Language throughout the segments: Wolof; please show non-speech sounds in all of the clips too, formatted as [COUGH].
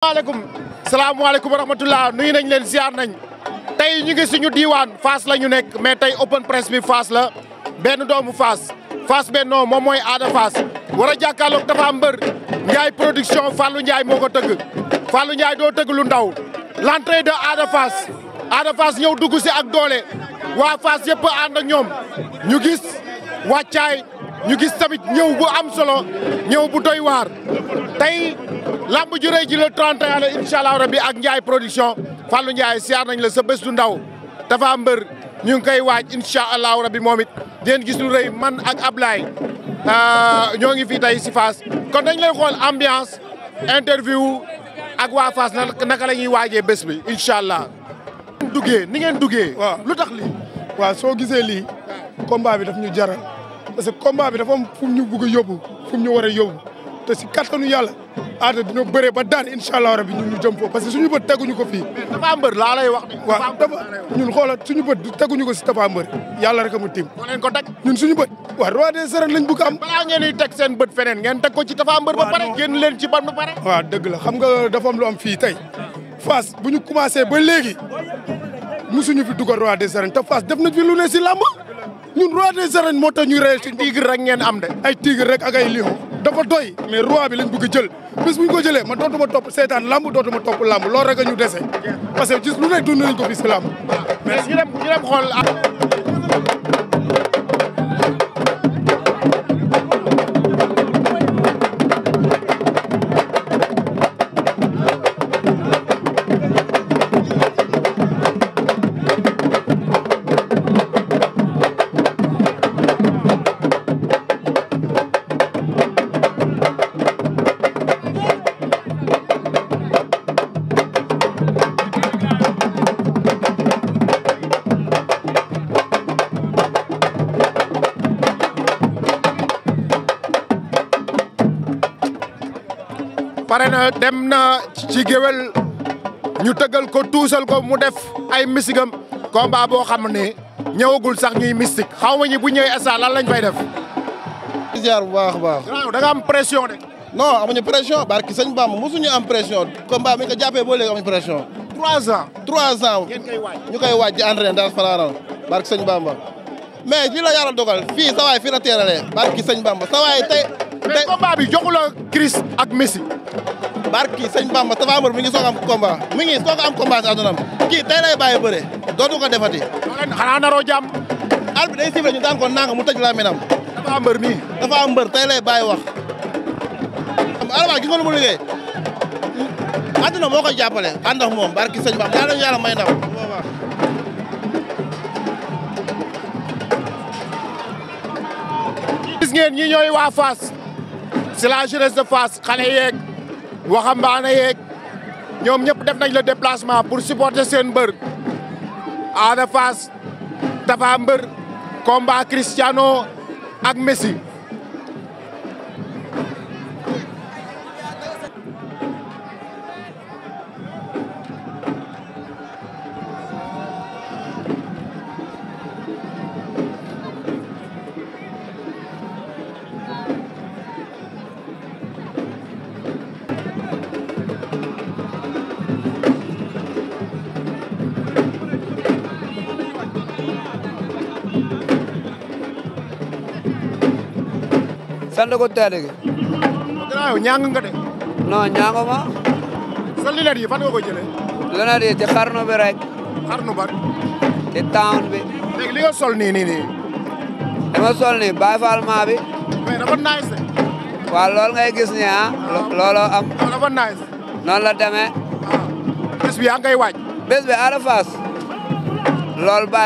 maaleykum salaamaaleykum wa rahmatullah nuyu nañ leen ziar nañ tey ñu ngi suñu diiwaan Fass la ñu nekk mais tey open press bi Fass la benn doomu Fass Fass bennoo moom mooy aada Fass war a jàkkaarloog dafa mbër Ndiaye production Fallou Ndiaye moo ko tëgg Fallou Ndiaye doo tëgg lu ndaw l'entrée de aada Fass aada Fass ñëw dugg si ak doole waa Fass yëpp ànd ak ñoom ñu gis wàccaay ñu gis tamit ñëw bu am solo ñëw bu doy waar tey lamb ju rëy ji le 31 la incha rabbi ak Ndiaye production Fallou Ndiaye siyaar nañ la sa bés du ndaw dafa mbër ñu ngi koy waaj incha allah rabbi moom it ngeen gis lu rëy man ak Ablaye euh, ñoo ngi fi tey si Fass kon dañ lay xool ambiance interview ak waa Fass naka la ñuy waajee bés bi incha allah. duggee ni ngeen duggee. waaw lu tax lii. waaw soo gisee lii combat bi daf ñu jara parce que combat bi dafa am fu ñu bëgg a yóbbu fu ñu war a yóbbu te si kattanu yàlla aada dina bëree ba daan incha allah rabi ñun ñu jëm foofu parce que suñu bët teguñu ko fii. Tapha Mbeur laa lay wax. waaw ñun xoolal suñu bët teguñu ko si Tapha Mbeur yàlla rek a mu tiim. moo leen ko teg ñun suñu bët. waaw roi des arènes lañ bëgg am. balaa ngeen teg seen bët feneen ngeen teg ko ci Tapha Mbeur. ba pare génn leen ci ban ba pare. waaw dëgg la xam nga dafa am lu am fii tey ba léegi mosuñu fi dugal roi ñun roi des arènes moo tax ñuy rey suñ tigre rek ngeen am de ay tigre rek ak ay lion dafa doy mais roi bi lañ bëgg ñu ko jëlee dootuma topp seetaan lamb dootuma topp lamb loolu rek a ñu dese parce que gis lu ne dund nañ ko ñu dem ñu pare na dem na ci géwél ñu tëggal ko tuusal ko mu def ay misigam combat boo xam ne ñëwagul sax ñuy mystique xaw ma ñi bu ñëwee instant lan lañ fay def. ziar bu baax a baax. da nga am pression de. non amuñu pression barki sëñ Bamba mosuñu am pression combat bi ñu ko jàppee ba léegi amuñu pression. trois ans. trois ans ñu koy waaj di entraîné dans falaral barki sëñ Bamba. mais lii la yàlla dogal fii sa waay fii la teeralee barki sëñ Bamba sa tey. mais combat bi joxu la ak Messi. barki sëñ Bamba Tapha Mbeur mi ngi soog am combat mi ngi soog am combat si àddunaam kii tey lay bàyyi bëre dootu ko defati. xanaa naroo jàmm. al bi day sifflé ñu daan ko nang mu tëj làmmiñam. Tapha Mbeur mii. Tapha Mbeur tey lay bàyyi wax. alhamdulilah gis nga lu mu liggéey. àdduna moo koy jàppale ànd ak moom barki sëñ Bamba yàlla yàlla may ndam. gis ngeen ñi ñooy waa Fass c'est la jeunesse de waxambaane yeeg ñoom ñëpp def nañ la déplacement pour supporter seen mbër Ada Fass Tapha Mbeur combat Cristiano ak Messi sant ko teel gi. waaw ñaanga nga de. non ñaanga yi fan nga ko jëlee. linet yi ci xarnu bi rek. xarnu ba. ci town bi. léegi li nga sol nii nii nii. dama sol nii Baye Fall maa bi. mais dafa naaj se. gis nii ah. ah. am. loolu ah, la demee. Ah. bés bi yaa waaj. bés bi Ada Fass.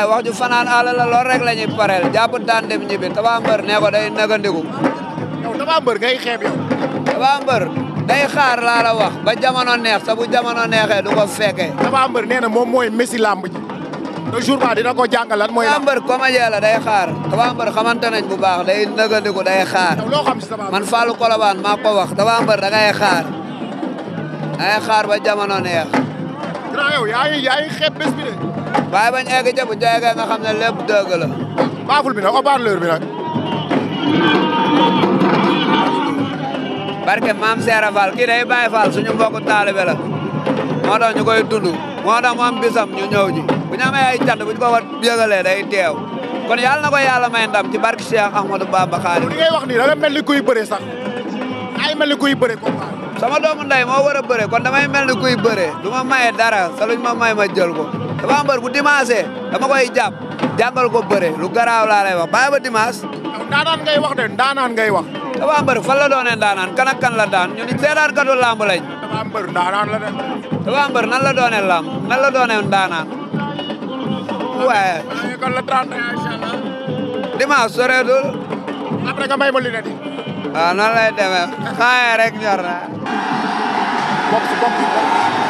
wax ju fanaan àll la loolu rek la pareel jàpp daan dem ñibbi Tapha Mbeur nee ko day nagandiku. Tapha Mbeur ngay xeeb yow. Tapha Mbeur day xaar laa la wax ba jamono neex te bu jamono neexee du ko fekkee. Tapha Mbeur nee na moom mooy Messi làmb ji. te jour ba dina ko jàngal lan mooy. Tapha Mbeur comédien la day xaar. Tapha Mbeur xamante bu baax day nëgëndiku day xaar. loo xam si man Fallou Colobane maa ko wax Tapha Mbeur da xaar. da xaar ba jamono neex. grand yow yaa ngi yaa ngi bi de. waaye bañ egg ca bu jege nga xam ne lépp dëgg la. baaful bi nag barke maam Seera Fall kii day Baay Fall suñu mbokku taalibe la moo tax ñu koy dund moo tax mu am bisam ñu ñëw bu ñu amee ay bu ñu ko war yëgalee day teew kon yàlla na ko yàlla may ndam ci barke Cheikh Ahmadou Bamba Xaadim li ngay wax nii da nga mel ni kuy bëre sax ay mel ni kuy bëre ko sama doomu nday moo war a bëre kon damay mel ni kuy bëre du ma dara sa luñ ma may ma jël ko dama mbër bu dimanche dama koy jàpp jàngal ko bëre lu garaaw laa lay wax bàyyi ba dimanche ndaanaan ngay wax Tapha Mbeur fan la doonee ndaanaan kan kan la daan ñu ni seetaan katu lamb lañ. Tapha Mbeur ndaanaan la de. Tapha Mbeur nan la doonee lamb nan la doonee ndaanaan. waaye. kon la 31 incha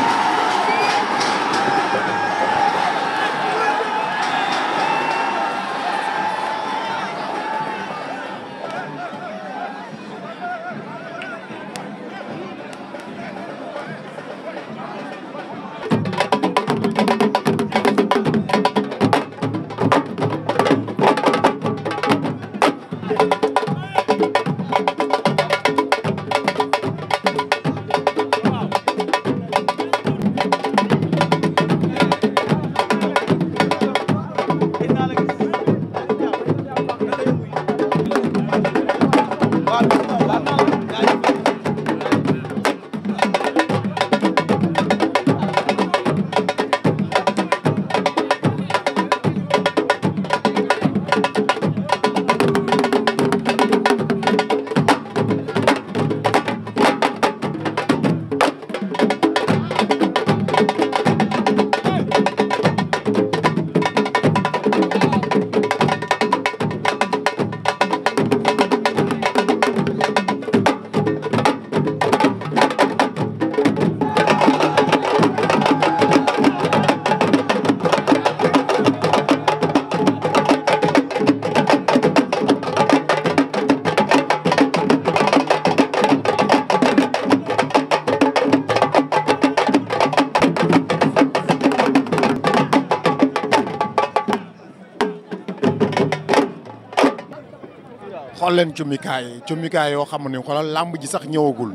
xool leen cummikaay yi cummikaay yoo xam ne xoolal làmb ji sax ñëwagul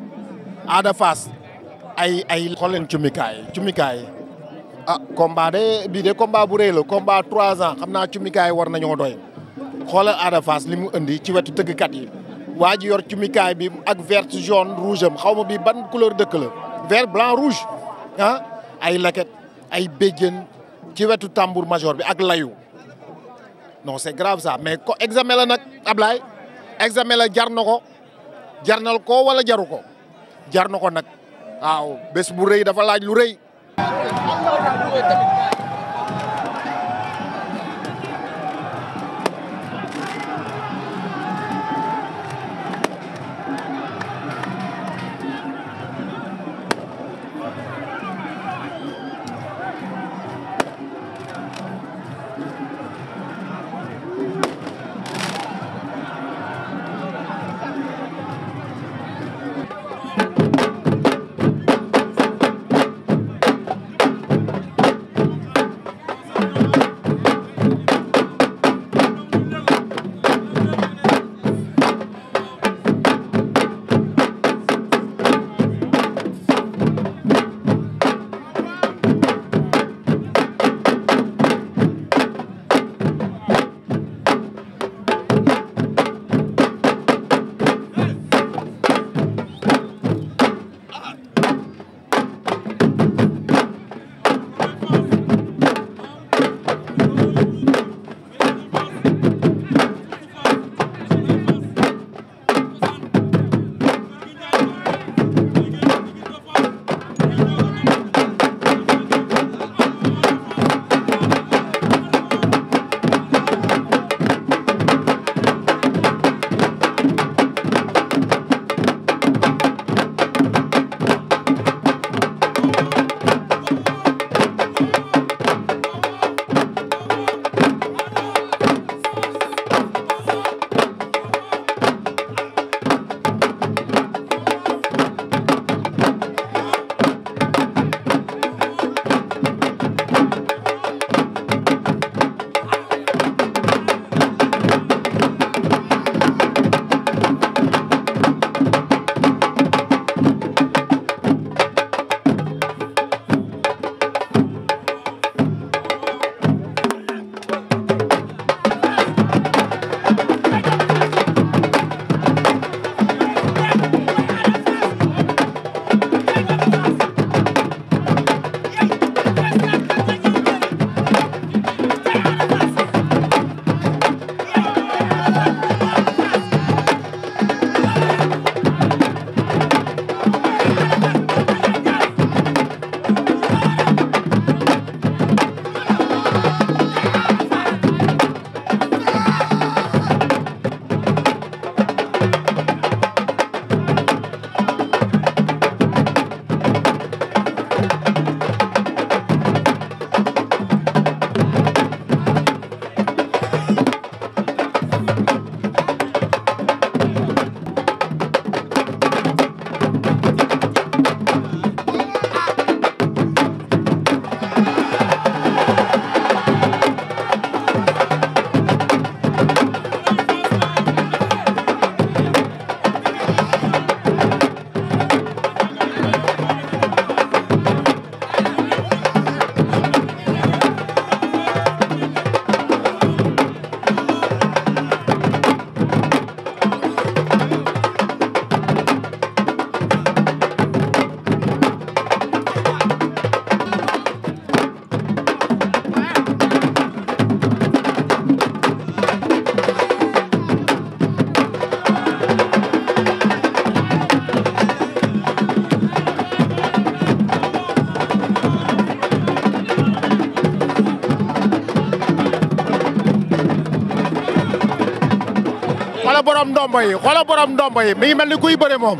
Ada Fass ay ay xool leen cummikaay yi cummikaay yi ah de bii de combat bu rëy la combat trois ans xam naa cummikaay yi war nañoo doy xoolal Ada Fass li mu indi ci wetu tëggkat yi waa ji yor cummikaay bi ak vert jaune rouge am xawma ma bi ban couleur dëkk la vert blanc rouge ah ay laket ay béjjën ci wetu tambour major bi ak layu non c'est grave ça mais examen la nag Ablaye examen la jar na ko jarnal ko wala jaru ko jar na ko nag waaw bés bu rëy dafa laaj lu rëy. borom ndomba yi xoolal borom ndomba yi mi ngi mel ni kuy bëre moom.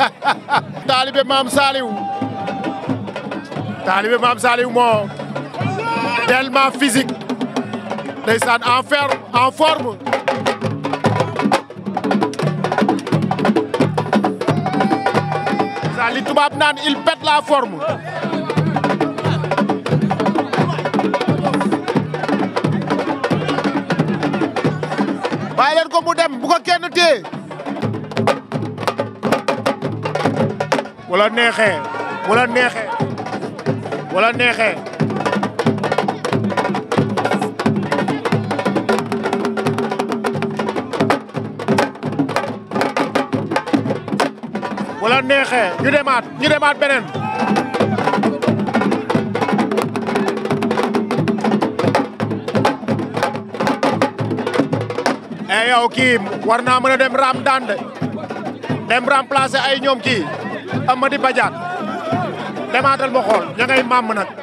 [LAUGHS] taalibe maam Saliou taalibe maam Saliou moo tellement physique ndeysaan en fer en forme. sa li naan il pète la forme. bàyyi leen ko mu dem bu ko kenn téye wala neexee wala neexee wala neexee wala neexee ñu demaat ñu demaat beneen mais eh, yow kii war naa mën a dem raam daan de dem remplacer ay ñoom kii Amady Badiane demaatal ma xool ña ngay màmm nag.